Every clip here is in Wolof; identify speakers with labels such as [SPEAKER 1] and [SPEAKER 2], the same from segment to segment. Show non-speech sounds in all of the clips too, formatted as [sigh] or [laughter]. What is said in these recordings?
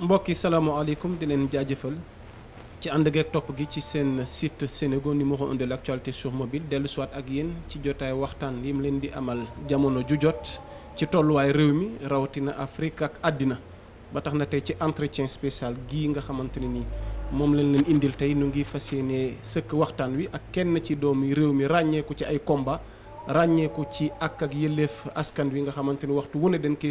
[SPEAKER 1] mbokk yi salaamaaleykum di leen jaajëfal ci ànd ak topp gi ci seen site Sénégo numéro 1 de l' actualité sur mobile dellu siwaat ak yéen ci jotaay waxtaan yi mu leen di amal jamono ju jot ci tolluwaay réew mi rawatina Afrique ak àddina ba tax na tey ci entretien spécial gi nga xamante ne nii moom lañ leen indil tey nu ngi fas yéenee sëkk waxtaan wi ak kenn ci doomi réew mi ràññeeku ci ay komba ràññeeku ci ak ak yëleef askan wi nga xamante ni waxtu wu ne dañ koy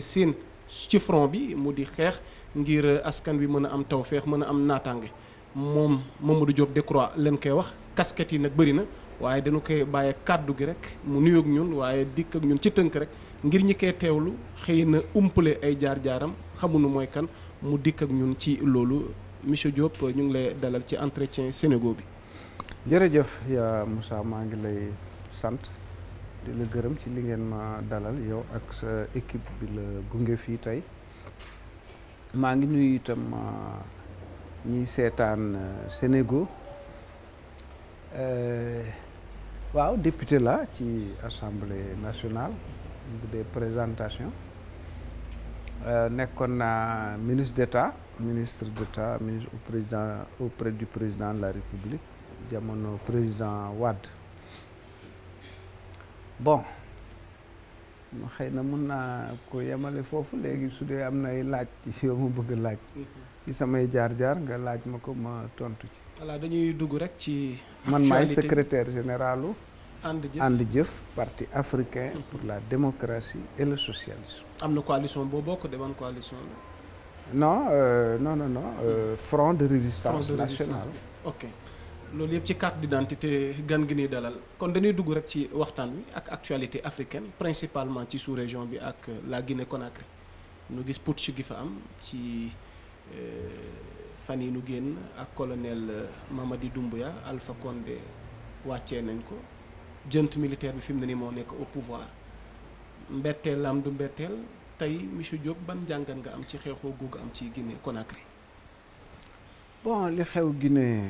[SPEAKER 1] ci front bi mu di xeex ngir askan wi mën a am tawféex mën a am naataange moom mu Mamadou Diop Decroix leen koy wax casquette yi nag bëri na waaye dañu koy bàyyee kàddu gi rek mu nuyoog ñun waaye dikk ak ñun ci tënk rek ngir ñi koy teewlu xëy na umpale ay jaar-jaaram xamuñu mooy kan mu dikk ak ñun ci loolu monsieur Diop ñu ngi lay dalal ci entretien Sénégal bi. jërëjëf yaa Moussa maa ngi lay sant. di la
[SPEAKER 2] gërëm ci li ngeen ma dalal yow ak sa équipe bi la gunge fii tey maa ngi nuyu itam ah, ñiy seetaan ah, Sénégo eh, waaw député la ci assemblée nationale bu dee présentation eh, nekkoon naa ministre d'État ministre d'État ministre au président auprès du président de la République jamono président Wade bon xëy na mun naa ko yemale foofu léegi su dee am na ay laaj [laughs] ci yow ma bëgg laaj mhm. ci samay jaar-jaar nga laaj ma ko ma tontu ci
[SPEAKER 1] voilà dañuy dugg rek ci man maay secrétaire généralu ànd
[SPEAKER 2] jëf parti africain mhm. pour la démocratie et le socialisme
[SPEAKER 1] am na coalition booboo ko de ban coalition la
[SPEAKER 2] non euh, non non non euh, front de résistance nationale
[SPEAKER 1] ok loolu yëpp ci carte d'identité gan gi ni dalal kon dañuy dugg rek ci waxtaan wi ak actualité africaine principalement ci sous-région bi ak euh, la Guinée Conakry nu gis putsch gi fa am ci euh, fan yi nu génn ak colonel euh, Mamadi dumb ya Alpha Condé wàcce nañ ko jënt militaire bi fi mu ne ni moo nekk au pouvoir mbetteel am du mbetteel tey monsieur Diop ban jàngat nga am ci xeexoo googu am ci Guinée Conakry
[SPEAKER 2] bon li xew Guinée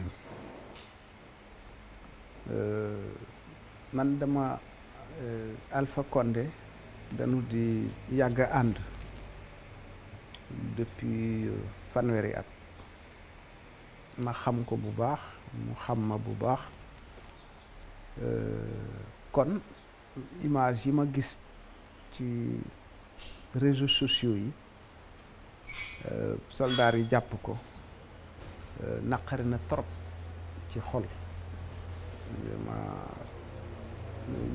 [SPEAKER 2] Euh, man dama euh, Alpha Condé dañu di yàgg ànd depuis euh, fanweeri at ma xam ko bu baax mu xam ma bu baax kon image yi ma gis ci réseaux sociaux yi soldaar yi jàpp ko naqari na trop ci xol vraiment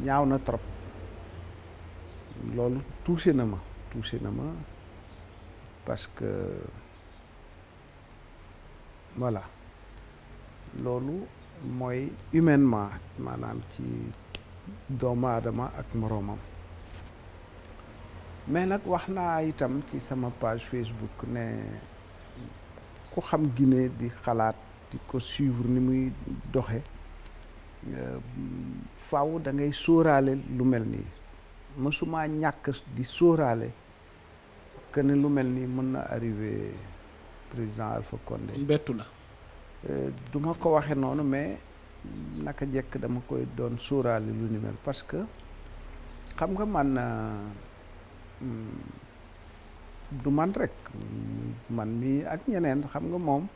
[SPEAKER 2] ñaaw na trop loolu touché na ma touché na ma parce que voilà loolu mooy humainement maanaam ci doomu aadama ak moroomam mais nag wax naa itam ci sama page Facebook ne ku xam Guinée di xalaat di ko suivre ni muy doxe Euh, faw dangay ngay sóoraale lu mel nii mësuma ñàkk di sóoraale que ne lu mel nii mën na arrivé président Alpha Condé bettu la euh, du ma ko waxe noonu mais naka jekk dama koy doon sóoraale lu ni mel parce que xam nga man hmm, du man rek man mii ak ñeneen xam nga moom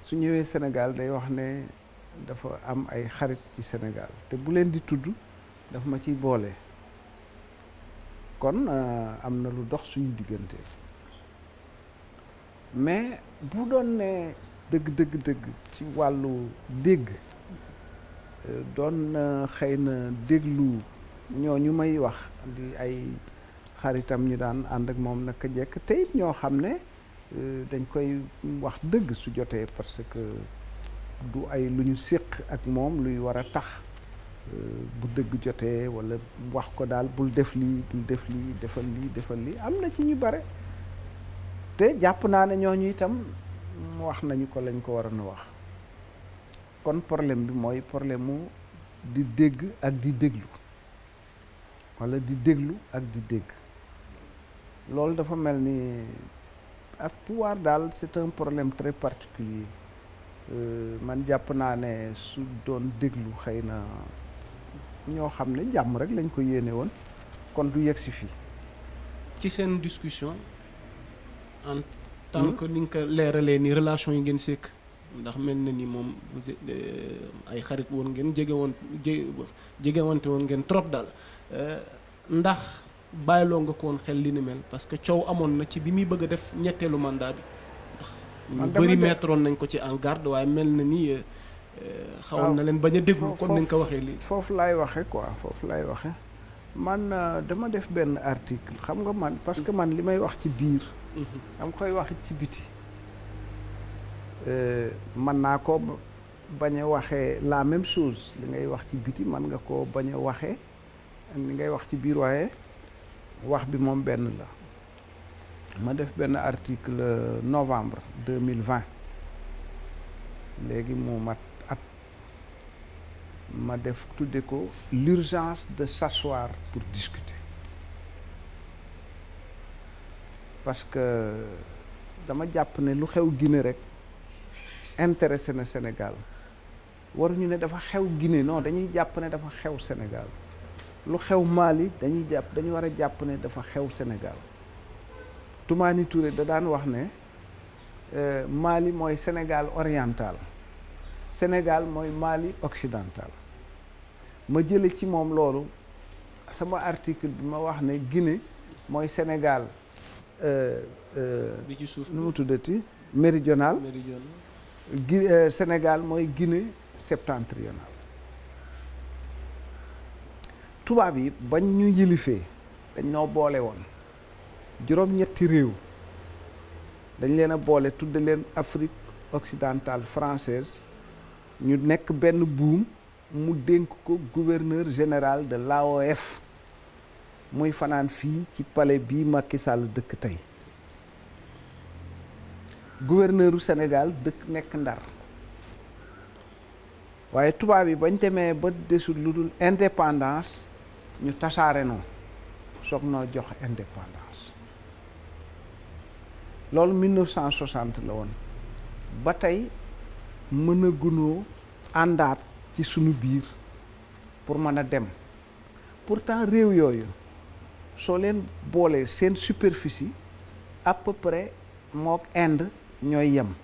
[SPEAKER 2] su ñëwee Sénégal day wax ne dafa am ay xarit ci Sénégal te bu leen di tudd daf ma ci boole kon euh, am na lu dox suñu diggante mais bu doon ne dëgg dëgg dëgg ci wàllu dégg euh, doon na xëy na déglu ñoo ñu may wax di ay xaritam ñu daan ànd ak moom naka jekk tey ñoo xam ne euh, dañ koy wax dëgg su jotee parce que. du ay lu ñu séq ak moom luy war a tax euh, bu dëgg jotee walla wax ko daal bul def lii bul def lii defal lii defal lii am na ci ñu bare te jàpp naa ne ñooñu itam wax nañu ko lañ ko waroon a wax kon problème bi mooy problème mu di dégg ak di déglu wala di déglu ak di dégg loolu dafa mel ni ak ah, pouvoir daal c'est un problème très particulier Euh, man jàpp naa ne su doon déglu xëy na ñoo xam ne jàmm rek lañ ko yéene woon
[SPEAKER 1] kon du yegg si fii. ci seen discussion en tant hmm? que ni nga ko leeralee ni relation yi ngeen sekk ndax mel na ni moom euh, ay xarit woon ngeen jegewoon woon jegewante woon ngeen trop daal euh, ndax bàyyiloo nga ko woon xel li ni mel parce que coow amoon na ci bi muy bëgg a def ñetteelu mandat bi. ñu bëri mettroon nañ ko ci en garde waaye mel na ni euh, euh, xawoon na leen bañ a déglu kon nañ ko waxee
[SPEAKER 2] lii foofu laay waxe quoi foofu lay waxe man euh, dama def benn article xam nga man parce que man li may wax ci biir mhm. am koy wax ci biti man naa ko bañ a waxee la même chose li ngay wax ci biti man nga ko bañ a waxee li ngay wax ci biir waaye wax bi moom benn la ma def benn article euh, novembre deux mille vingt léegi mu mat at ma def tudde ko l'urgence de s'asseoir pour discuter parce que euh, dama jàpp ne lu xew Guinée rek intéressé na Sénégal waruñu ne dafa xew Guinée non dañuy jàpp ne dafa xew Sénégal lu xew Mali dañuy jàpp dañu war a jàpp ne dafa xew Sénégal Toumani Touré da daan wax ne euh, Mali mooy Sénégal oriental Sénégal mooy Mali occidental ma jële ci moom loolu sama article bi ma wax ne Guinée mooy Sénégal euh, euh, bi ci suuf nu mu tuddati méridional Guinée Sénégal mooy Guinée septentrional tubaab yi bañ ñu yilifee dañ ñoo boole woon juróom-ñetti réew dañ leen a boole tudd leen Afrique occidentale française ñu nekk benn buum mu dénk ko gouverneur général de l'AOF muy fanaan fii ci pale bii Macky Sall dëkk tey gouverneuru Sénégal dëkk nekk Ndar waaye tubaab yi bañ demee ba desul lu dul indépendance ñu tasaare noo soog noo jox indépendance loolu 1960 la woon ba tey mën na gunoo àndaat ci suñu biir pour mën a dem pourtant réew yooyu soo leen boolee seen superficie à peu près mook Inde ñooy yem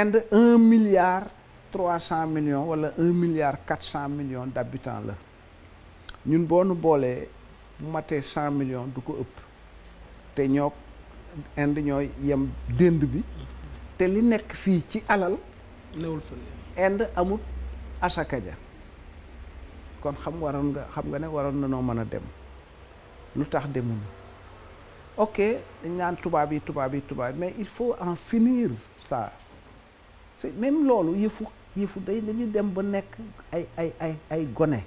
[SPEAKER 2] Inde un milliard trois cent millions wala un milliard quatre cent millions d'habitants la ñun boo nu boolee bu matee cent millions du ko ëpp te ñoo Inde ñooy yem dënd bi te li nekk fii ci alal newul fële Inde amul asaka ja kon xam waroon nga xam nga ne waroon na noo mën a dem lu tax demuñu ok dañ naan tubaab yi tubaab yi tubaab mais il faut en finir ça même loolu yëfu yëfu day dañu dem ba nekk ay ay ay ay gone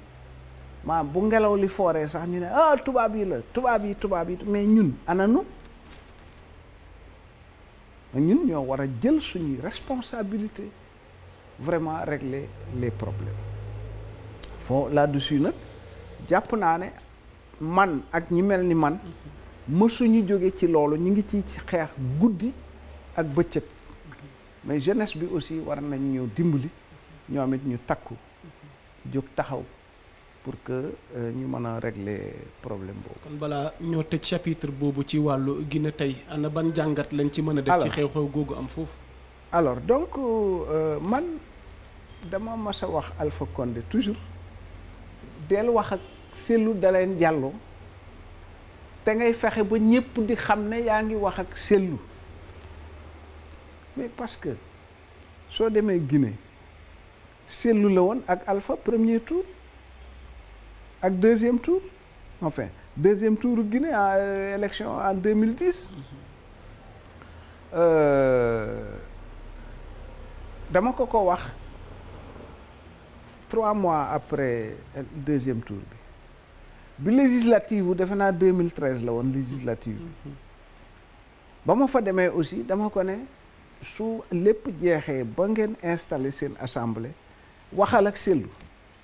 [SPEAKER 2] maanaam bu ngelaw li fooree sax ñu ne ah tubaab yi la tubaab yi tubaab yi mais ñun ananu ñun ñoo war a jël suñuy responsabilité vraiment régler les problèmes foo là-dessus nag jàpp naa ne man ak ñi mel ni man suñu jóge ci loolu ñu ngi ci xeex guddi ak bëccëg mais jeunesse bi aussi war nañ ñëw dimbali ñoomit ñu takku jóg taxaw pour que euh, ñu mën a régler problème boobu.
[SPEAKER 1] kon balaa ñoo tëj chapitre boobu ci wàllu gine tey ana ban jàngat lañ ci mën a. def ci xew-xew googu am foofu. alors donc euh, man dama mas a wax Alpha Condé toujours del wax ak
[SPEAKER 2] Cellou Dalein Diallo te ngay fexe ba ñëpp di xam ne yaa ngi wax ak Cellou mais parce que soo demee Guinée Cellou la woon ak Alpha premier tour. ak deuxième tour enfin deuxième tour Guinée en euh, élection en 2010 euh, dama ko ko wax trois mois après euh, deuxième tour bi bi législative bu defe naa 2013 la woon législative bi mhm. ba ma fa demee aussi dama ko ne su lépp jeexee ba ngeen installé seen assemblée waxal ak sellu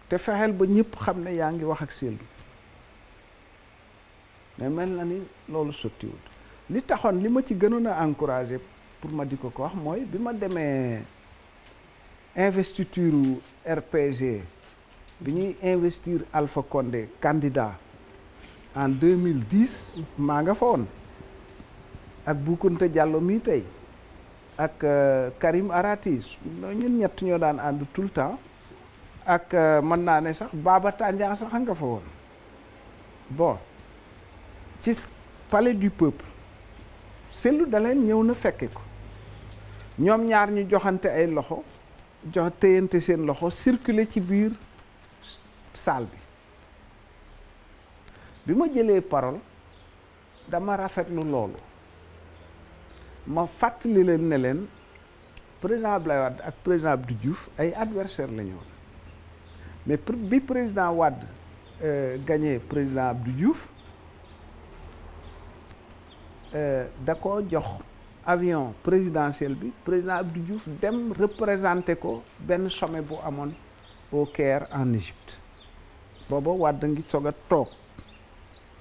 [SPEAKER 2] te fexeel ba ñëpp xam ne yaa ngi wax ak Seydou mais mel na ni loolu sottiwul li taxoon li ma ci gënoon a encouragé pour ma di ko ko wax mooy bi ma demee investiture RPG bi ñuy investir Alpha Condé candidat en 2010 maa nga fa woon ak Boukounta Diallo mii tey ak euh, Karim Arati ñun ñett ñoo daan ànd tout le temps ak euh, mën naa ne sax Baba Tandian sax nga fa woon bon ci palais du peuple Cellou Dalein ñëw na fekke ko ñoom ñaar ñu joxante ay loxo jox téyante seen loxo circuler ci biir salle bi bi ma jëlee parole dama rafet rafetlu loolu ma fàttali leen ne leen président Abdoulaye ak président du Diouf ay adversaire la ñu mais bi président Wade euh, gagné président Abdou Diouf euh, da ko jox avion présidentiel bi président Abdou Diouf dem représenté ko benn sommet bu amoon au Caire en Égypte booba Wade ngi soog a toog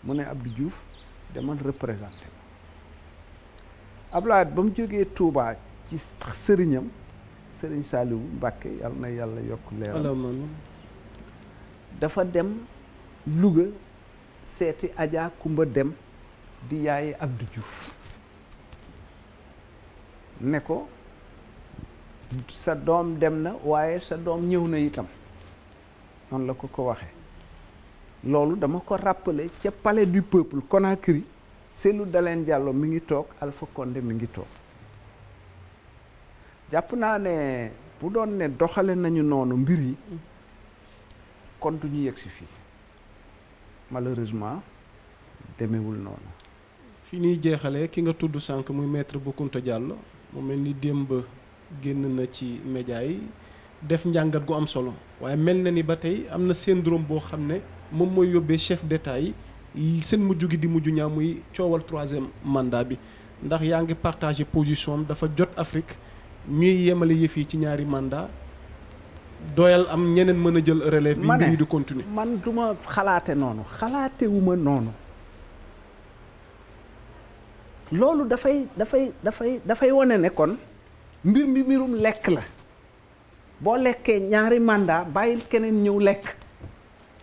[SPEAKER 2] mu ne Abdou Diouf demal représenté ko Abdoulaye ba mu jógee Touba ci sëriñam sëriñ Saliou Mbacké yàlla na yàlla yokk leeram dafa dem Louga seeti ajaa Kumba Dem di yaaye Abdou Diouf ne ko sa doom dem na waaye sa doom ñëw na itam noonu la ko ko waxe loolu dama ko ràppale ca palais du peuple Conakry Cellou Dalein Diallo mi ngi toog Alpha Condé mi ngi toog jàpp naa ne bu doon ne doxale nañu noonu mbir yi kon du ñu yegg si fii
[SPEAKER 1] malheureusement
[SPEAKER 2] demewul noonu.
[SPEAKER 1] fi ñuy jeexalee ki nga tudd sànq muy maître Boucounta Diallo mu mel ni démb génn na ci média yi def njàngat gu am solo waaye mel na ni ba tey am na seen syndrome boo xam ne moom mooy yóbbee chef d'État yi seen mujj gi di mujj ñaa muy coowal troisième mandat bi ndax yaa ngi partagé position am dafa jot Afrique ñuy yemale yëf yi ci ñaari mandat doyal am ñeneen mën a jël relève bi mbir yi di continuer man duma ma xalaate noonu xalaatewuma noonu loolu
[SPEAKER 2] dafay dafay dafay dafay wane ne kon mbir mi mbirum lekk la boo lekkee ñaari mandat bàyyil keneen ñëw lekk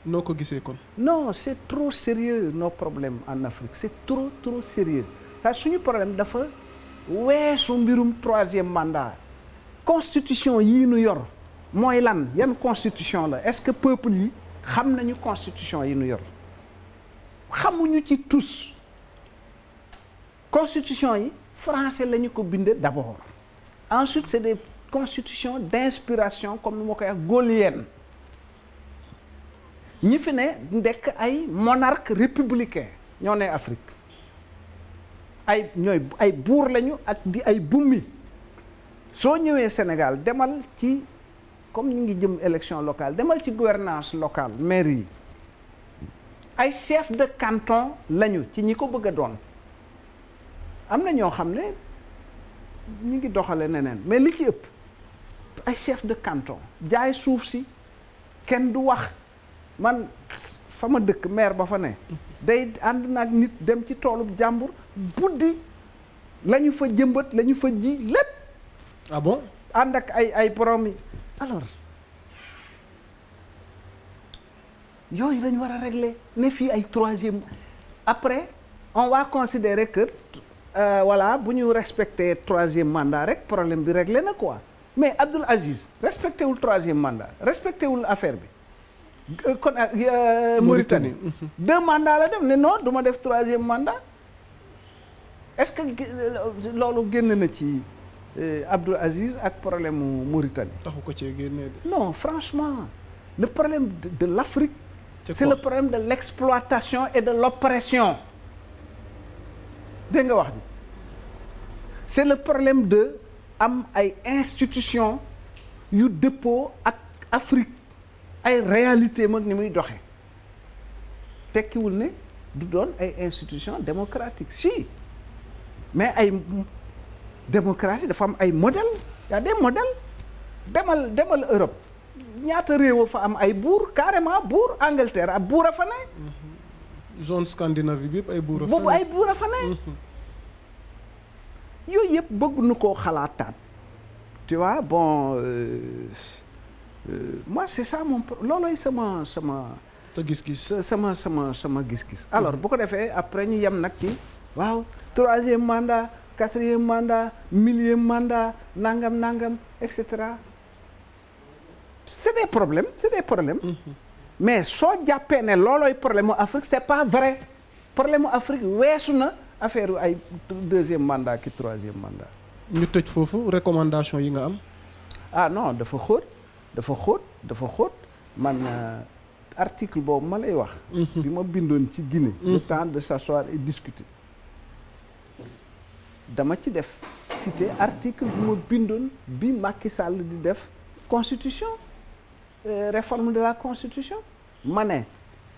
[SPEAKER 1] noo ko gisee kon
[SPEAKER 2] non c'est trop sérieux nos problèmes en Afrique c'est trop sérieux ça suñu problème dafa weesu mbirum troisième mandat constitution yii nu yor mooy lan yenn constitution la est-ce que peuple yi xam nañu constitution yi nu yor xamuñu ci tous constitution yi français lañu ñu ko bindee en ensuite c'est des constitutions d'inspiration comme ni ma koy wax gaullienne ñi fi ne ndekk ay monarque républicain ñoo ne Afrique ay ñooy ay buur lañu ak di ay bummi soo ñëwee Sénégal demal ci comme ñu ngi jëm élection locale demal ci gouvernance locale maire yi ay chef de canton lañu ci ñi ko bëgg doon am na ñoo xam ne ñu ngi doxale neneen mais li ci ëpp ay chef de canton jaay suuf si kenn du wax man fa ma dëkk maire ba fa ne day ànd naag nit dem ci toolub jàmbur buddi lañu fa jëmbat lañu fa ji lépp ah bon ànd ak ay ay promis alors yooyu lañ war a régler ne fii ay troisième après on waa considérer que euh, voilà bu ñu respecter troisième mandat rek problème bi réglé na quoi mais Abdoul Aziz respecté wul troisième mandat respecté wul affaire bi euh, kon ak euh, euh, Mauritanie mhm. deux la def ne non duma def troisième mandat est-ce que loolu génn na ci Euh, Abdoul Aziz ak problème mu Mauritanie. taxu ko cee génnee de. non franchement le problème de, de l'Afrique c'est le problème de l'exploitation et de l'oppression dégg nga wax ji c'est le problème de am ay institutions yu dëppoo ak Afrique ay réalité mag ni muy doxe tekkiwul ne du doon ay institutions démocratiques si mais ay démocratie dafa am ay modèle y a des demal demal Europe ñaata réew fa am ay buur carrément buur Angleterre ab buur a fa ne mhm.
[SPEAKER 1] zone Scandinavie
[SPEAKER 2] bi ay buur a boobu ay buur a fa ne mhm. yooyu yëpp bëgg nu koo xalaataat tu bon euh, euh, moi c'est ça mon loolooy sama sama sa gis-gis sama sama sama gis-gis alors mhm. bu ko defee après ñu yem nag ci waaw troisième mandat quatrième mandat millième mandat nangam nangam et cetera c'est des problème c'est des problèmes. Mm-hmm. mais soo jàppee ne loolooy problème mu Afrique c'est pas vrai problème mu Afrique weesu na affaire ay deuxième mandat ki troisième mandat. ñu tëj foofu recommandation yi nga am. ah non dafa xóot dafa xóot dafa xóot man euh, article boobu ma lay wax. Mm-hmm. bi ma bindoon ci Guinée. le mm-hmm. temps de s'asseoir et discuter. dama ci def cité article bu ma bindoon bi Macky Sall di def constitution euh, réforme de la constitution ma ne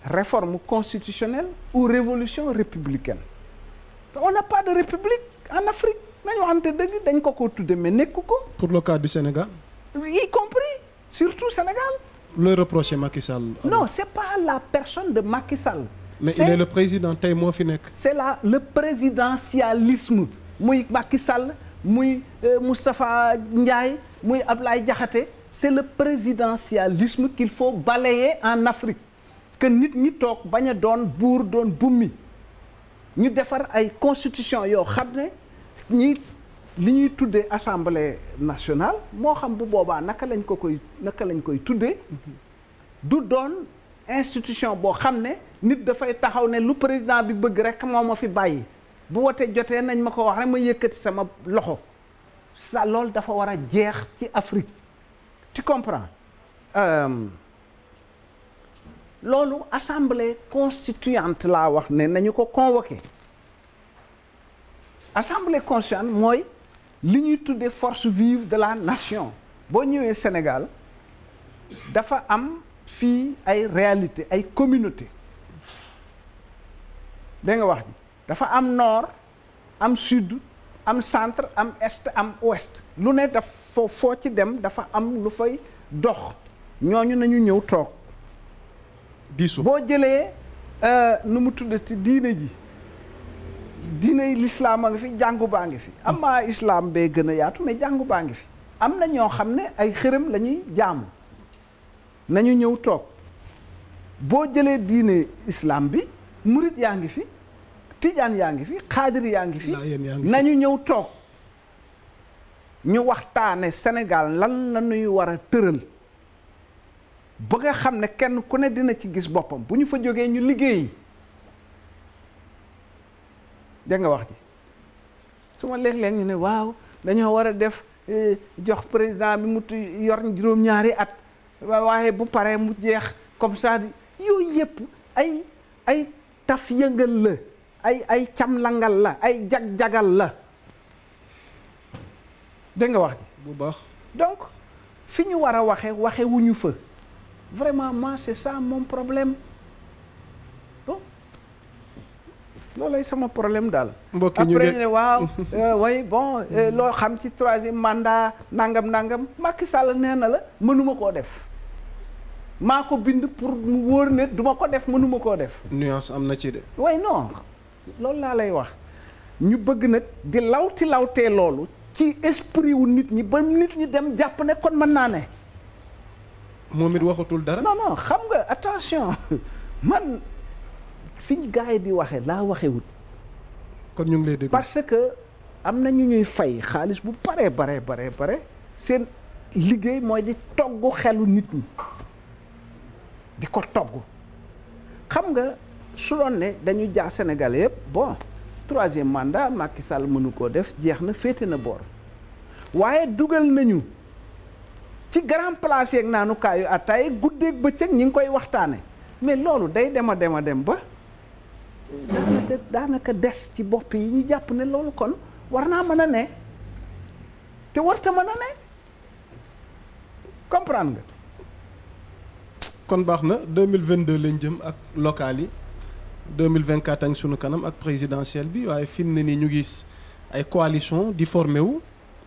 [SPEAKER 2] réforme constitutionnelle ou révolution républicaine on n'a pas de république en Afrique nañu waxante dëgg dañ ko ko tudde mais nekk ko pour le cas du Sénégal y compris surtout Sénégal
[SPEAKER 1] le reprocher Macky Sall
[SPEAKER 2] non c'est pas la personne de Macky Sall
[SPEAKER 1] mais il est le président tey moo fi nekk
[SPEAKER 2] c'est la le présidentialisme muy Macky Sall muy euh, Moustapha Ndiaye muy lay jaxate c'est le présidentialisme qu'il faut balayer en Afrique que nit ñi toog bañ a doon buur doon bummi ñu defar ay constitution yoo xam ne ñi li ñuy tuddee assemblée nationale moo xam bu boobaa naka lañ ko koy naka lañ koy tuddee du doon institution boo xam ne nit dafay taxaw ne lu président bi bëgg rekk moo ma fi bàyyi bu wote jotee nañ ma ko wax rek ma yëkkati sama loxo sa loolu dafa war a jeex ci Afrique tu comprends euh, loolu assemblée constituante laa wax ne nañu ko convoqué assemblée constituante mooy li ñuy tuddee force vive de la nation boo ñëwee Sénégal dafa am fii ay réalité ay communauté dégg nga wax ji dafa am nord am sud am centre am est am ouest lu ne daf foo foo ci dem dafa am lu fay dox ñooñu nañu ñëw toog diisu boo jëlee euh, nu mu tuddati diine ji diine lislaam a ngi fi jàngu baa ngi fi am maa islaam bee gën a yaatu mais jàngu baa ngi fi am na ñoo xam ne ay xërëm lañuy ñuy jaamu nañu ñëw toog boo jëlee diine islaam bi murit yaa ngi fi tijaan yaa ngi fi xaadir yaa ngi fi nañu ñëw toog ñu waxtaane Sénégal lan la ñuy war a tëral ba nga xam ne kenn ku ne dina ci gis boppam bu ñu fa jógee ñu liggéey dégg nga wax ji su ma léeg-léeg ñu ne waaw dañoo war a def eh, jox président bi mu yor juróom-ñaari at waaye bu paree mu jeex comme ça yooyu yëpp ay ay taf yëngal la ay ay camlangal la ay jag-jagal la dégg nga wax ji bu baax donc fi ñu war a waxe waxe wu ñu fa vraiment moi c'est ça mon problème loolu loolay sama problème daal mbokk ñu après ne waaw [laughs] euh, bon euh, loo xam ci troisième mandat nangam nangam Macky Sall nee na la mënuma koo def maa ko bind pour mu wóor ne duma ko def mënuma koo def
[SPEAKER 1] nuance am na ci de
[SPEAKER 2] way non loolu laa lay wax ñu bëgg nag di lawti lawtee loolu ci esprit wu nit ñi ba nit ñi dem jàpp ne kon mën naa ne. moom it waxatul dara. non non xam nga attention [laughs] man fiñ gars yi di waxe laa waxewut kon ñu ngi lay dégg parce que am na ñu ñuy fay xaalis bu bare bare bare bare seen liggéey mooy di togg xelu nit ñi di ko togg xam nga su doon ne dañu jaax senegal yëpp bon troisième mandat Macky Sall mënu koo def jeex na féete na boor waaye dugal nañu ci grand place yeeg naanukaayu ataay guddeeg bëccëg ñi ngi koy waxtaane mais loolu day dem a dem a dem ba daanaka daanaka des ci bopp yi ñu jàpp ne loolu kon war naa mën a ne
[SPEAKER 1] te warta mën a ne comprendre nga. kon baax na 2022 lañ jëm ak local yi. 2024 a ngi sunu kanam ak présidentielle bi waaye fi mu ne nii ñu gis ay coalition di formé wu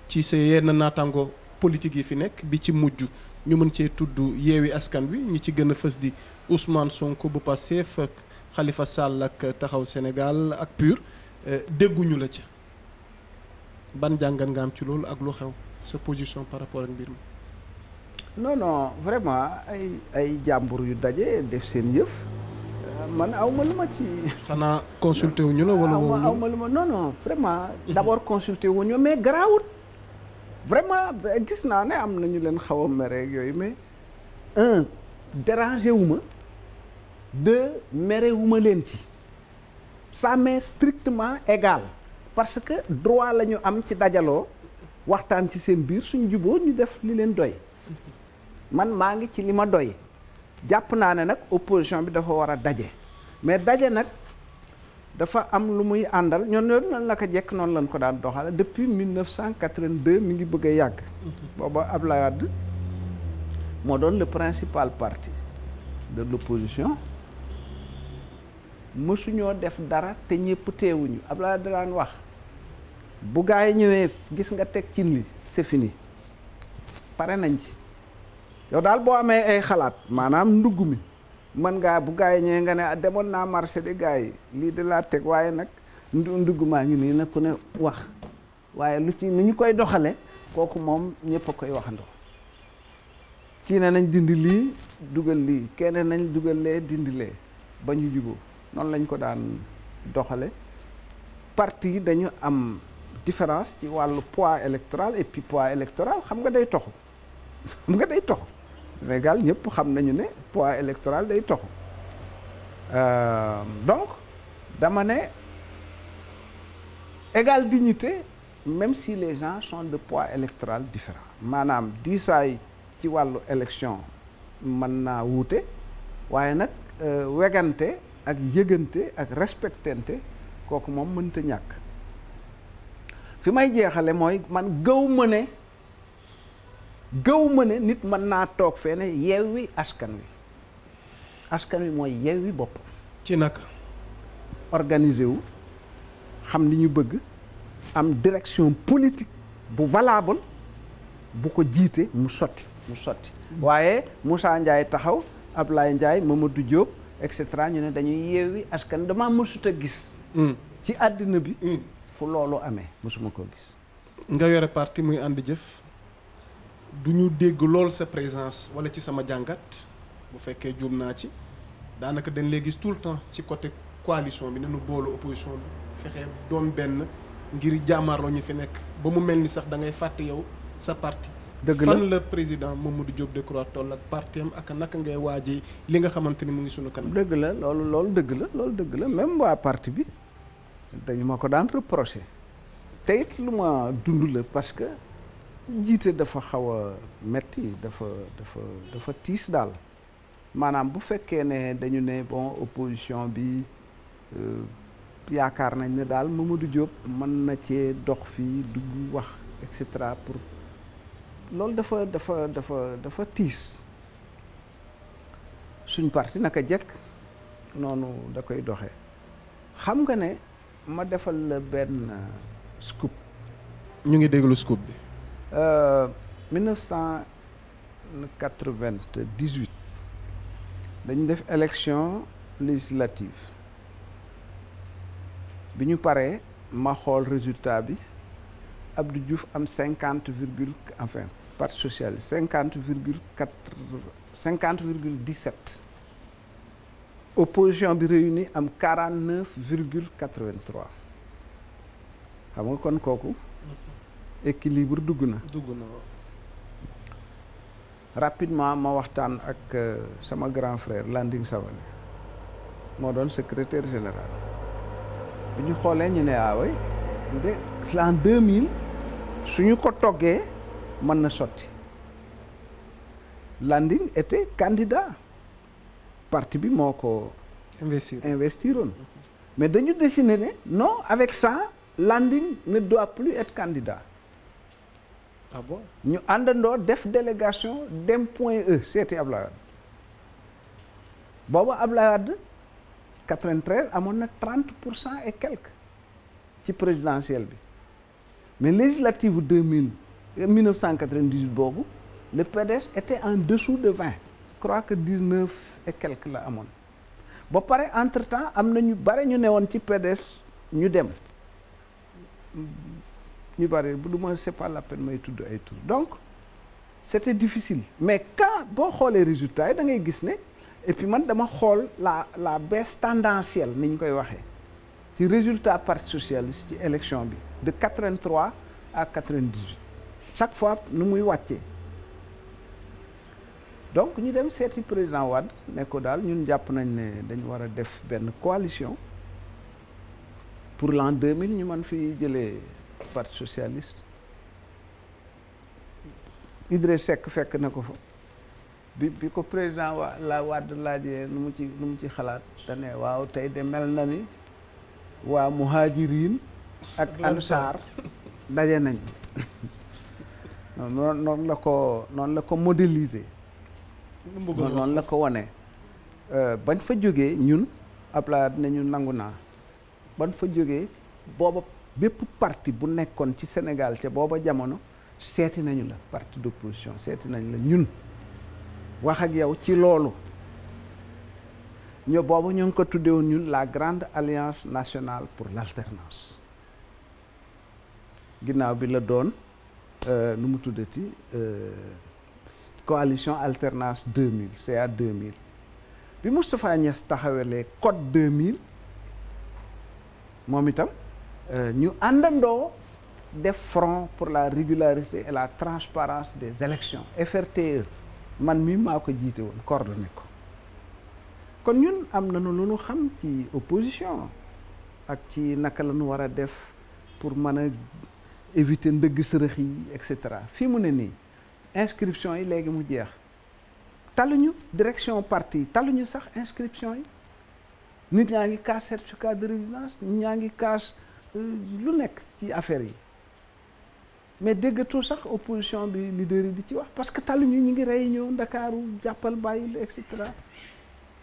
[SPEAKER 1] ci sa yenn naataango politique yi fi nekk bi ci mujj ñu mën cee tudd yeewi askan wi ñu ci gën a fës di Ousmane Sonko bu Pastef ak xalifa Sall ak Taxaw Sénégal ak PUR eh, dégguñu la ca ban jàngat nga am ci loolu ak lu xew sa position par rapport ak mbir mi.
[SPEAKER 2] non non vraiment ay ay jàmbur yu daje def seen yëf. man aw ma lu ma ci. xanaa consulté wu ñu la wala. aw ma aw ma lu ma non vraiment. d' abord consulté wu mais garaawut. vraiment gis naa ne am na ñu leen xawa a yooyu mais un dérangé wu ma deux leen ci. ça m'est strictement égal parce que droit la ñu am ci dajaloo waxtaan ci seen biir suñ juboo ñu def li leen doy man maa ngi ci li ma doy. jàpp naa ne nag opposition bi dafa war a daje mais daje nag dafa am lu muy àndal ñoon ñoonu noonu naka jekk noonu lañ ko daan doxale depuis 1982 mi ngi bëggee a yàgg booba Abdoulaye Wade moo doon le principal parti de l'opposition mësuñoo def dara te ñëpp teewuñu Abdoulaye Wade daan wax bu gaa yi ñëwee gis nga teg cin li c'est pare nañ ci yow daal boo amee ay xalaat maanaam ndugg mi mën ngaa bu gaa yi ñëwee nga ne ah demoon naa marché di gaa yi lii de laa teg waaye nag ndugg maa ngi nii nag ku ne wax waaye lu ci ni ñu koy doxale kooku moom ñëpp a koy waxandoo kii ne nañ dindi lii dugal lii keneen nañ dugal lee dindi lee ba ñu juboo noonu lañ ko daan doxale parti dañu am différence ci wàllu poids électoral et puis poids électoral xam nga day toxu [laughs] xam nga day toxu Sénégal ñëpp xam nañu ne poids électoral day toxu euh, donc dama ne égale dignité même si les gens de poids électoral différents maanaam diisaay ci wàllu élection man naa wuute waaye nag euh, wegante ak yëgante ak respectante kooku moom mënta ñàkk fi may jeexale mooy man gëw ma ne gëw ma ne nit mën naa toog fee ne Yewwi askan wi askan wi mooy Yewwi bopp ci nag organiser wu xam li ñu bëgg am direction politique bu valable bu ko jiite mu sotti mu sotti waaye musaa Ndiaye taxaw Ablaye Ndiaye Mamadou Diop et cetera ñu ne dañuy
[SPEAKER 1] Yewwi askan dama mësut gis hmm. ci àddina bi hmm. fu loolu amee mësuma koo gis nga yore parti muy ànd jëf du ñu dégg lool sa présence wala ci sama jàngat bu fekkee juum naa ci daanaka dañ léegi gis tout le temps ci côté coalition bi nu boolu opposition bi fexe doon benn ngir jàmmaarloo ñu fi nekk ba mu mel ni sax da ngay fàtte yow sa parti dëgg la fan la président Mamadou Diop Decroix toll ak partiam ak naka ngay waajee li nga xamante ni mu ngi sunu kanam. dëgg la loolu loolu dëgg la loolu dëgg la même waa parti bi dañu ma ko daan reproché te it
[SPEAKER 2] lu ma dund la parce que. njiite dafa xaw a metti dafa dafa dafa tiis daal maanaam bu fekkee ne dañu ne bon opposition bi euh, yaakaar nañ ne daal Mamadou Diop mën na cee dox fii dugg wax et cetera pour loolu dafa dafa dafa dafa tiis suñ parti naka jekk noonu da koy doxe xam nga ne ma defal la benn euh, scoop.
[SPEAKER 1] ñu ngi déglu scoop bi.
[SPEAKER 2] 1998 euh, dañu def élection législative bi ñu paree ma xool résultat bi Abdou Diouf am cinquante virgule enfin parti socialiste cinquante virgule quatre cinquante virgule dix sept opposition bi réunie am quarante neuf virgule quatre vingt trois xam nga kon kooku. équilibre dugg na dugg na rapidement ma waxtaan ak euh, sama grand frère Landing Savané moo doon secrétaire général bi ñu xoolee ñu ne aaway ah ñu de l'an 2000 suñu ko toggee mën na sotti Landing était candidat parti bi moo ko investir investiroon mais dañu desine ne non avec ça Landing ne doit plus être candidat ah bon ñu àndandoo def délégation dem point E seeti Ablaye Wade booba Ablaye Wade 93 amoon na 30 pour cent et quelque ci présidentielle bi mais législative 2000 1998 euh, boobu le PDS était en dessous de 20 je crois que 19 et quelque la amoon ba pare entre temps am na ñu bare ñu newoon ci PDS ñu dem. ñu bari du ma c'est pas may tudd ay tur donc c'était difficile mais quand boo xoolee résultat yi da ngay gis ne et puis man dama xool la la baisse tendancielle ni ñu koy waxee ci résultat parti socialiste ci élection bi de 83 à 98 chaque fois nu muy wàccee donc ñu dem seeti président Wade nekko daal ñun jàpp nañ ne dañu war a def benn coalition pour l'an 2000 ñu man fi jëlee parti socialiste Idrissa Seck fekk na ko fa bi bi ko président wa la Wade laajee nu mu ci nu mu ci xalaat dane waaw tey de mel na ni
[SPEAKER 1] waa muhaajiriin ak ansaar
[SPEAKER 2] daje nañ noonu noonu la ko noonu la ko modéliser noonu la ko wane euh, bañ fa jógee ñun Ablaye nañu nangu naa bañ fa jógee booba bépp parti bu nekkoon ci Sénégal ca booba jamono seeti nañu la parti d'opposition seeti nañu la ñun wax ak yow ci loolu ñoo boobu ñoo ngi ko tuddewoon ñun la grande alliance nationale pour l'alternance ginnaaw bi la doon euh, nu mu tuddati euh, coalition alternance 2000 CA 2000 bi Moustapha Niass taxawelee code 2000 moom itam Euh, ñu àndandoo def front pour la régularité et la transparence des élections FRTE man mii maa ko jiite woon coordonné ko kon ñun am nañu lu ñu xam ci opposition ak ci naka la ñu war a def pour mën a éviter ndëgg sërëx yi et cetera fii mu ne nii inscription yi léegi mu jeex taluñu direction parti taluñu sax inscription yi nit ñaa ngi kaas certificat de résidence nit ñaa ngi kaas Euh, lu nekk ci affaire yi mais déggatoo sax opposition bi leader yi di ci wax parce que taluñu ñu ñu ngi rey réunion Ndakaaru jàppal bàyyil et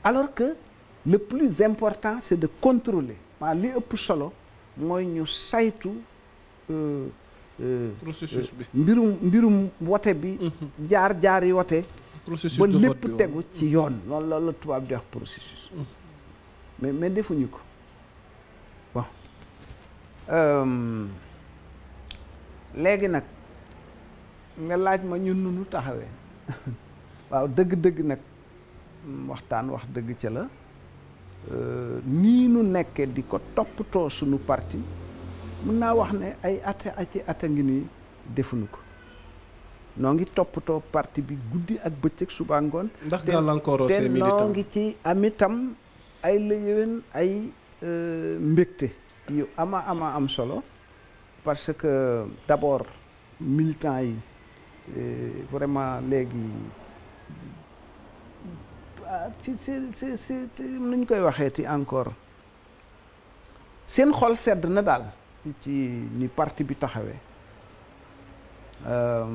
[SPEAKER 2] alors que le plus important c'est de contrôler ma li ëpp solo mooy ñu saytu. Euh, euh, processus bi mbirum mbirum wote bi. Mhm. jaar jaar wote. processus ba lépp tegu ci yoon. loolu loolu la tubaab di wax processus. Mhm. mais mais defuñu ko. Ehm, léegi nag nga laaj ma ñun nu taxawee [laughs] waaw dëgg-dëgg nag mm, waxtaan wax dëgg ca la ehm, nii nu nekkee di ko toppatoo sunu parti mun naa wax ne ay ate aci ata ngi nii defuñu ko noo ngi toppatoo parti bi guddi ak bëccëg suba ngoon ndax gàllankooroo seen militant te noo ngi ci am itam ay la yéwén ay ehm, mbégte yu ama ama am solo parce que d'abord militants yi eh, vraiment léegi ah, ci seen si koy waxee ci encore seen xol sedd na daal ci ni parti bi taxawee euh,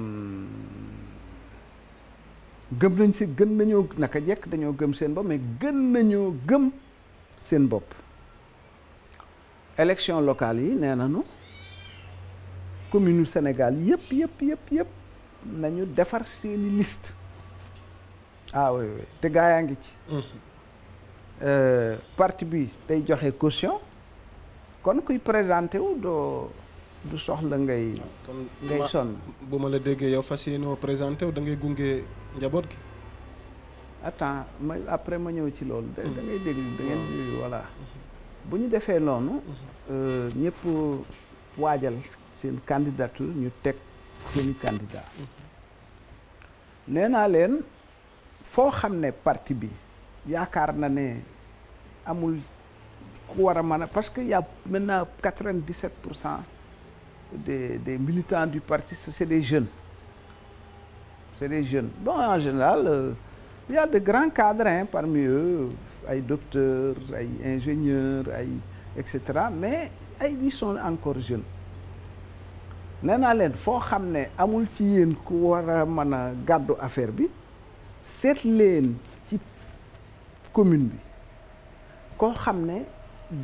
[SPEAKER 2] gëm nañ si gën nañoo naka jekk dañoo gëm seen bopp mais gën nañoo gëm seen bopp élection locale yi nee nanu commune Sénégal yëpp yëpp yëpp yëpp nañu defar seeni liste ah te gaa yaa ngi ci euh, parti bi
[SPEAKER 1] day joxe caution kon kuy présenté wu doo du soxla ngay ngay sonn bu ma la déggee yow fas yéenoo présenté wu da ngay gunge njaboot gi
[SPEAKER 2] attends ma après ma ñëw ci loolu da ngay dégg da ngeen voilà mm-hmm. bu ñu defee noonu euh, ñëpp waajal seen candidature ñu teg seen candidat nee naa leen foo xam ne parti bi yaakaar na ne amul ku war a mën a parce que y a maintenant quatre-vingt-dix-sept pour cent des des militants du parti c'est des jeunes c'est des jeunes bon en général euh, il y a de grands cadres hein, parmi eux ay docteur ay ingénieur ay et cetera mais ay ils encore jeunes nee naa leen foo xam ne amul ci yéen ku war a mën a gàddu affaire bi seet leen ci commune bi koo xam ne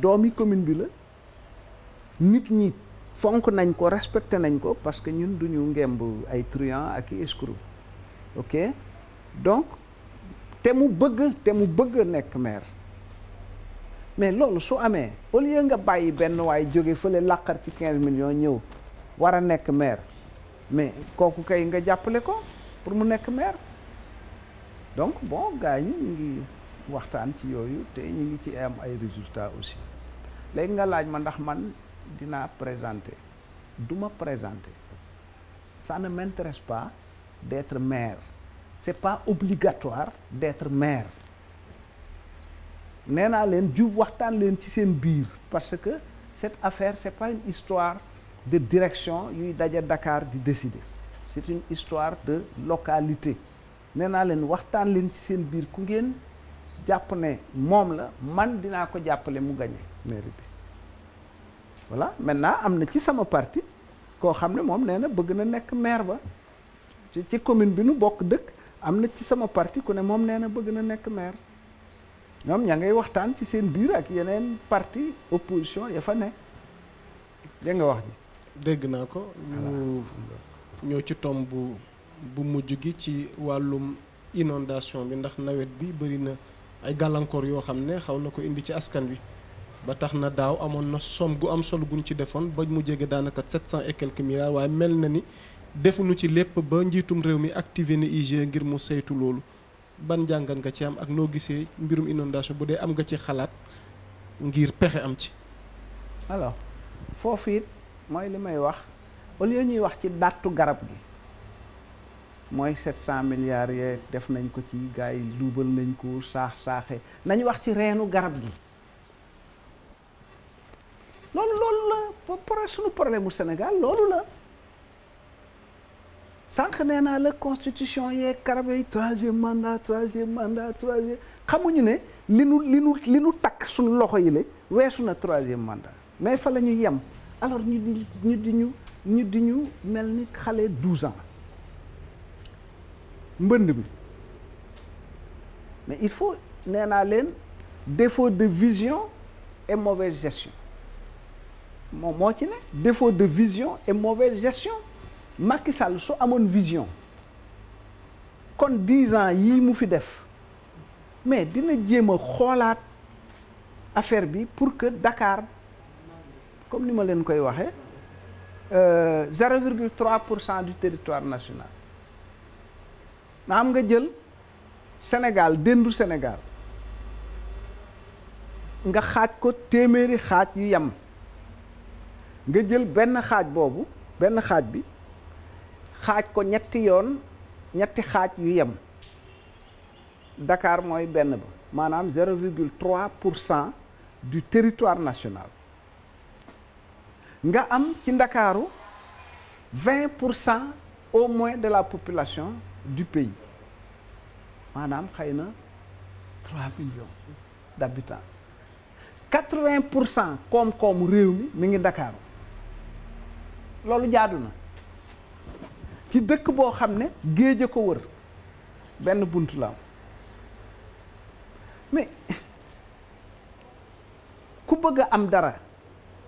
[SPEAKER 2] doomi commune bi la nit ñi fonk nañ ko respecté nañ ko parce que ñun duñu ngemb ay truand ak i escroc ok donc te mu bëgg te mu bëgg nekk maire mais loolu su amee au lieu nga bàyyi benn waaye jóge fële làqar ci quinze millions ñëw war a nekk maire mais kooku kay nga jàppale ko pour mu nekk maire donc boo gars yi ñu ngi waxtaan ci yooyu te ñu ngi ci am ay résultats aussi léegi nga laaj ma ndax man dinaa présenter du ma présenter ça ne m'intéresse pas d'être maire c'est pas obligatoire d'être maire nee naa leen jub waxtaan leen ci seen biir parce que cette affaire c'est pas une histoire de direction yuy daje Dakar di décider c'est une histoire de localité nee naa leen waxtaan leen ci seen biir ku ngeen jàpp ne moom la man dinaa ko jàppale mu gañe mairie bi voilà maintenant am na ci sama parti koo xam ne moom nee na bëgg na nekk maire ba ci commune bi nu bokk dëkk am na ci sama parti ku ne moom nee na bëgg na nekk maire ñoom ñaa ngay waxtaan ci seen biir ak yeneen
[SPEAKER 1] parti opposition ya fa ne dégg wax ji dégg naa ko ñu ñëw ci tomb bu bu mujj gi ci wàllum inondation bi ndax nawet bi bëri na ay gàllankoor yoo xam ne xaw na ko indi ci askan wi ba tax na daaw amoon na som gu am solo guñ ci defoon ba mu jege daanaka sept cent et quelques milliards waaye mel na ni defuñu ci lépp ba njiitum réew mi activé na IG ngir mu saytu loolu ban jàngat nga ci am ak noo gisee mbirum inondation bu dee am nga ci xalaat ngir pexe am ci. alors foofu it mooy li may wax
[SPEAKER 2] au lieu ñuy wax ci dàttu garab gi mooy 700 milliards yeeg def nañ ko ci gars yi luubal nañ ko saax saaxe nañ wax ci reenu garab gi loolu loolu la pour suñu problème loolu la. sànq nee naa la constitution yeeg karabe yi troisième mandat troisième mandat troisième xamuñu ne li nu li nu li nu takk suñ loxo yi la weesu na troisième mandat mais fa la ñu yem alors ñu di ñu ñu di ñu mel ni xale douze ans mbënd bi mais il faut nee naa leen défaut de vision et mauvaise gestion moom moo ci ne défaut de vision et mauvaise gestion Macky Sall su amoon vision kon dix yii mu fi def mais dina jéem a xoolaat affaire bi pour que dakaar comme ni ma leen koy waxe euh, zéro virgule trois pour cent du territoire national na am nga jël Sénégal déndu Sénégal nga xaaj ko téeméeri xaaj yu yem nga jël benn xaaj boobu benn xaaj bi xaaj ko ñetti yoon ñetti xaaj yu yem Dakar mooy benn ba maanaam zéro virgule trois pour cent du territoire national nga am ci Ndakaaru vingt pour cent au moins de la population du pays maanaam xëy na trois millions d'habitants quatre-vingt pour cent koom-koomu réew mi mi ngi Ndakaaru loolu jaadu na ci dëkk boo xam ne géej a ko wër benn bunt la am mais ku bëgg am dara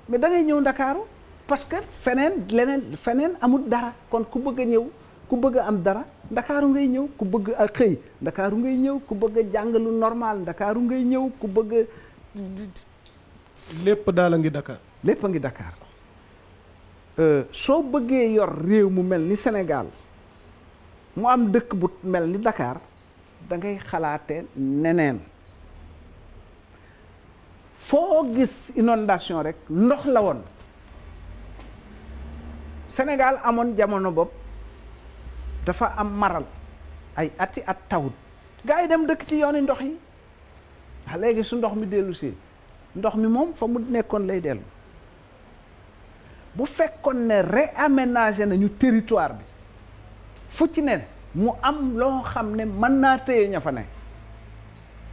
[SPEAKER 2] mais da ngay ñëw ndakaaru parce que feneen leneen feneen amut dara kon ku bëgg a ñëw ku bëgg a am dara ndakaaru ngay ñëw ku bëgg a xëy ndakaaru ngay ñëw ku bëgg a jàng lu normal ndakaaru ngay ñëw ku bëgg a lépp daal a ngi Dakar lépp a ngi Dakar Euh, soo bëggee yor réew mu mel ni Sénégal mu am dëkk bu mel ni Dakar dangay xalaate neneen foo gis inondation rek ndox la woon Sénégal amoon jamono bopp dafa am maral ay ati at tawut gaa yi dem dëkk ci yooni ndox yi wax ah, léegi su ndox mi dellu si ndox mi moom fa mu nekkoon lay dellu bu fekkoon ne réaménager nañu territoire bi fu ci ne mu am loo xam ne mën naa téye ña fa ne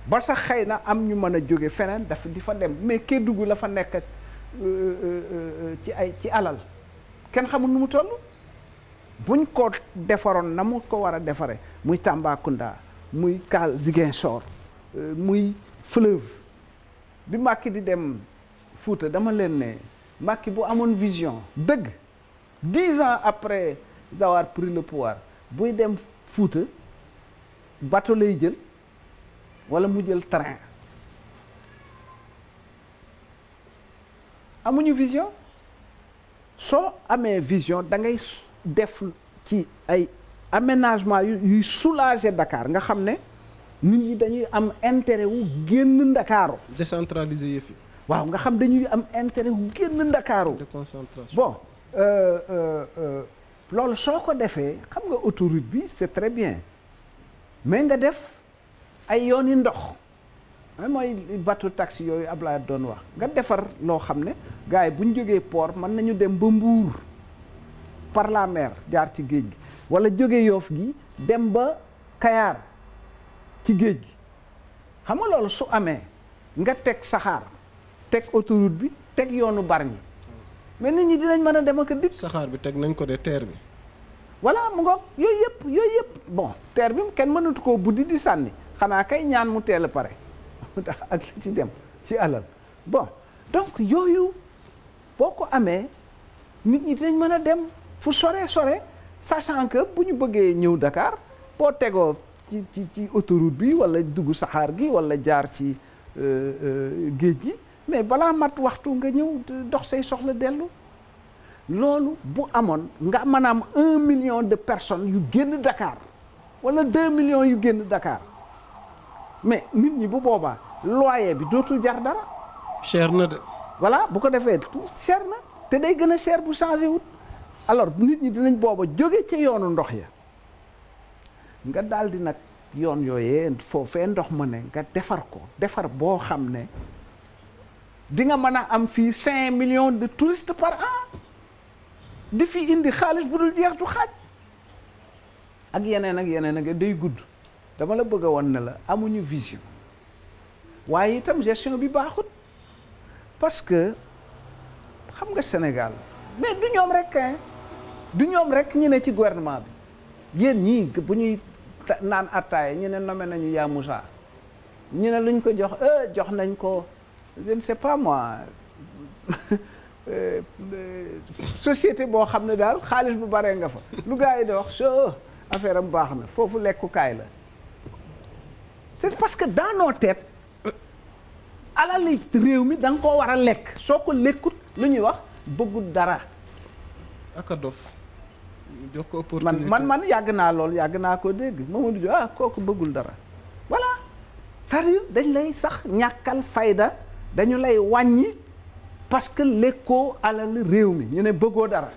[SPEAKER 2] ba sax xëy na am ñu mën a jóge feneen dafa di fa dem mais Kédougou la fa nekk euh, euh, euh, ci ay ci alal kenn xamul nu mu toll buñ ko defaroon na mu ko war a defare muy Tambacounda muy ka Ziguinchor muy fleuve bi Macky di dem Fuuta dama leen ne Macky bu amoon vision dëgg dix ans après avoir pris le pouvoir buy dem Fuuta bateau lay jël wala mu jël train amuñu vision soo amee vision da ngay def ci ay aménagement yuy soulager Dakar nga xam ne nit ñi dañuy am intérêt wu génn Ndakaaru décentraliser yëf yi waaw nga xam dañuy am intérêt wu génn ndakaaru de concentration bon euh, euh, euh, loolu soo ko defee xam nga autoroute bi c'est très bien mais nga def ay yoon yooni ndox mooy bateau taxi yooyu Ablaye doon wax nga defar loo xam ne gars yi bu ñu jógee port mën nañu dem ba Mbour par la mer jaar ci géej gi wala jóge Yoof gi dem ba Kayaar ci géej gi xam nga loolu su amee nga teg saxaar teg autoroute bi teg yoonu Bargny mais nit ñi dinañ mën a dem ak a dikk saxaar bi teg nañ ko de terre bi voilà mu ngoog yooyu yëpp yooyu yëpp bon terre bi kenn mënatu koo buddi di sànni xanaa kay ñaan mu teel a pare tax [laughs] ak li ci dem ci alal bon donc yooyu boo ko amee nit ñi dinañ mën a dem fu sore sore sachant que bu ñu bëggee ñëw Dakar boo tegoo ci ci ci autoroute bi wala dugg saxaar gi wala jaar ci euh, euh, géej gi mais balaa mat waxtu nga ñëw dox say soxla dellu loolu bu amoon nga mën un million de personnes yu génn Dakar wala deux millions yu génn dakaar mais nit ñi bu boobaa loyer bi dootul jar dara. cher na de. voilà bu ko defee cher na te day gën a cher bu changé wut alors nit ñi dinañ booba jóge ci yoonu ndox ya nga daldi nag yoon yooyee foofee ndox ma ne nga defar ko defar boo xam ne. di nga mën a am fii cinq millions de touristes par an di fi indi xaalis bu dul jeex du xaaj ak yeneen ak yeneen ak day gudd dama la bëgg a won ne la amuñu vision waaye itam gestion bi baaxut parce que xam nga Sénégal mais du ñoom rek du ñoom rek ñu ne ci gouvernement bi yéen ñii bu ñuy naan attaaya ñu nome nañu yaa Moussa ñu ne luñ ko jox eh, jox nañ ko je ne sais [laughs] euh, euh, société boo xam ne daal xaalis bu baree nga fa lu gars yi di wax soo affaire am baax na foofu lekkukaay la c'est parce que dans nos têtes alal réew mi da koo war a lekk soo ko lekkut lu ñuy wax bëggul dara
[SPEAKER 1] aka dof ko opportunité man man
[SPEAKER 2] yàgg naa lool yàgg naa koo dégg Mamadou Dia ah kooku bëggul dara voilà cest dañ lay sax ñàkkal fayda dañu lay wàññi parce que lekkoo alal réew mi ñu ne bëggoo dara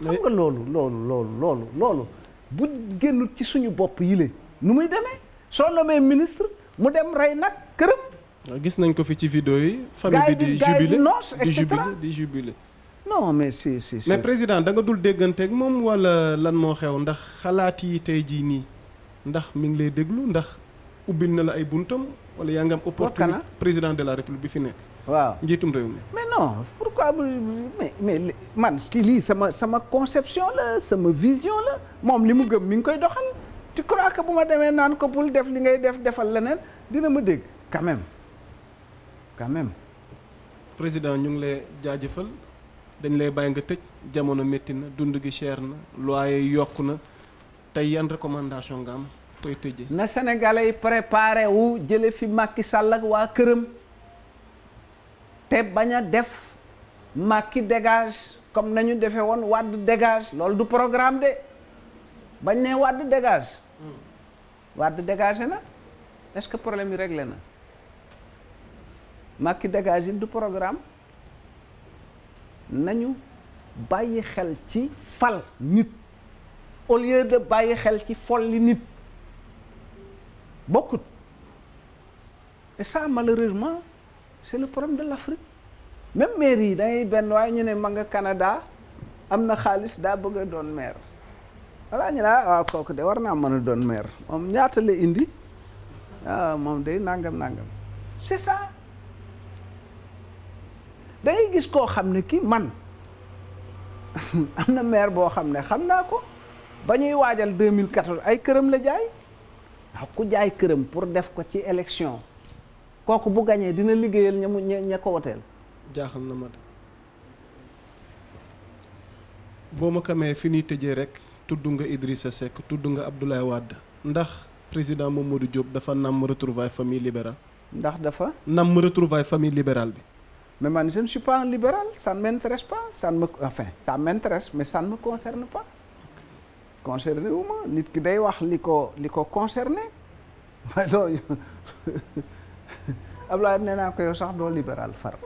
[SPEAKER 2] xam nga loolu loolu loolu loolu loolu bu génnul ci suñu bopp yile nu muy demee soo nommé ministre mu dem rey nag këram gis nañ ko fi ci vidéo
[SPEAKER 1] yi famille bi di jubilé di jubilé
[SPEAKER 2] di jubilé non mais si si mais
[SPEAKER 1] président da nga dul dégganteeg moom wala lan moo xew ndax xalaat yi tey jii nii ndax mi ngi lay déglu ndax ubbil na la ay buntam wala yaa ngi am opportunité président de la république bi fi nekk. waaw njiitum réew mi. mais non
[SPEAKER 2] pourquoi mais mais man kii lii sama sama conception la sama vision la moom li mu gëm mi ngi koy doxal. tu crois que bu ma demee naan ko bul def li ngay def defal leneen dina ma dégg quand
[SPEAKER 1] même président ñu ngi lay jaajëfal dañ lay bàyyi nga tëj jamono metti na dund gi cher na loyer yokk na tey yan recommandation nga am. koy tëjee. na sénégalais yi préparé wu jële fi màkki Sall ak waa këram
[SPEAKER 2] te bañ a def Macky dégage comme nañu defee woon Wade dégage lool du programme de bañ ne Wade dégage. Hmm. Wade dégagé na est-ce que problème yi réglé na Macky dégage du programme nañu bàyyi xel ci fal nit au lieu de bàyyi xel ci folli nit bokkut et ça malheureusement c'est le problème de l'Afrique même maire yi dangay benn waaye ñu ne ma nga Canada am na xaalis daa bëgg a doon maire voilà ñu naa ah, waaw kooku de war naa mën a doon maire moom ñaata la indi ah moom day nangam nangam c'est ça dangay gis koo xam ne kii man [laughs] am na maire boo xam ne xam naa ko ba ñuy waajal 2014 ay këram la jaay waaw ku jaay këram pour def ko ci élection kooku bu gañee dina liggéeyal ña mu ña ko woteel
[SPEAKER 1] jaaxal na ma boo ma kamee fi ñuy tëjee rek tudd nga Idrissa Seck tudd nga Abdoulaye Wade ndax président moom mu du Diop dafa nam retrouvaille famille libérale ndax dafa nam retrouvaille famille libérale bi mais man je ne suis pas un libéral ça ne enfin ça m'intéresse
[SPEAKER 2] mais ça ne me concerne concerné nit ki day wax li ko li ko concerné [laughs] waaye loolu [laughs] Abdoulaye nee naa ko yow sax doo libéral far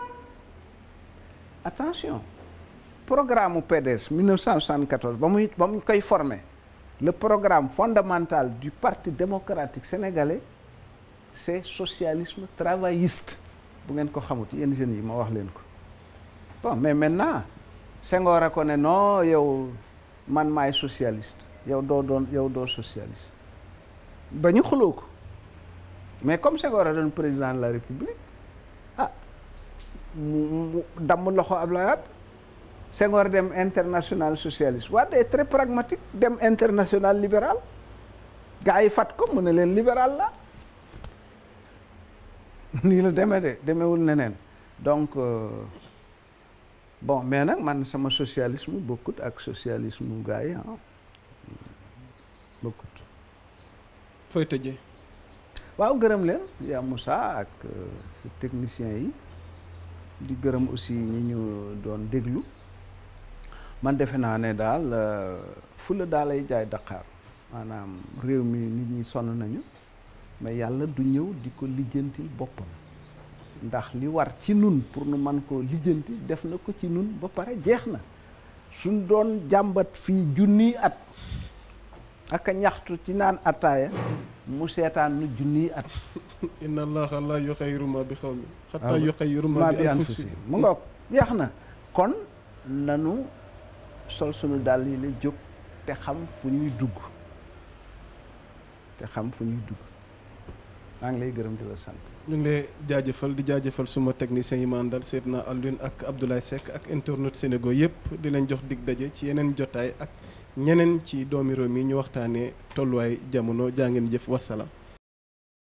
[SPEAKER 2] attention programme mu PDS 1974 ba muy ba mu koy formé le programme fondamental du parti démocratique sénégalais c'est socialisme travailliste bu ngeen ko xamut yéen jeunes yi ma wax leen ko bon mais maintenant Senghor a ko ne non yow man maay socialiste yow doo doon yow doo socialiste bañu ñu xuloo ko mais comme Senghor a doon président de la république ah mu damm loxo Abdoulaye Wade Senghor dem international socialiste Wade est très pragmatique dem international libéral gars yi fat ko mu ne leen liberal la [laughs] nii la demee de demewul neen donc euh, bon mais nag man sama socialisme bokkut ak socialisme gars yi ah bokkut fooy tëjee waaw gërëm leen yaa Moussa ak euh, sa technicien yi di gërëm aussi ñi ñu doon déglu man defe naa ne daal euh, daal ay jaay daqaar maanaam réew mi nit ñi sonn nañu mais yàlla du ñëw di ko lijjantil boppam ndax li war ci nun pour nu man ko lijjanti def na ko ci nun ba pare jeex na suñ doon jàmbat fii junni at ak ñaxtu ci naan attaaya mu seetaan nu junniy at [laughs] inna allaha la yuxayyiru ma bi xawmi xatta yuxayyiru ma bi anfusihim mu ngoog jeex na kon nanu sol sunu dàll yi la jóg te xam fu ñuy dugg
[SPEAKER 1] te xam fu ñuy dugg maa
[SPEAKER 2] ngi lay gërëm di la sant.
[SPEAKER 1] ñu ngi lay jaajëfal di jaajëfal suma technicien yi ma àndal seet naa Alioune ak Abdoulaye Seck ak internet Sénégal yëpp di leen jox dig daje ci yeneen jotaay ak. ñeneen ci doomi réew mi ñu waxtaanee tolluwaay jamono jaa ngeen jëf wasalaam.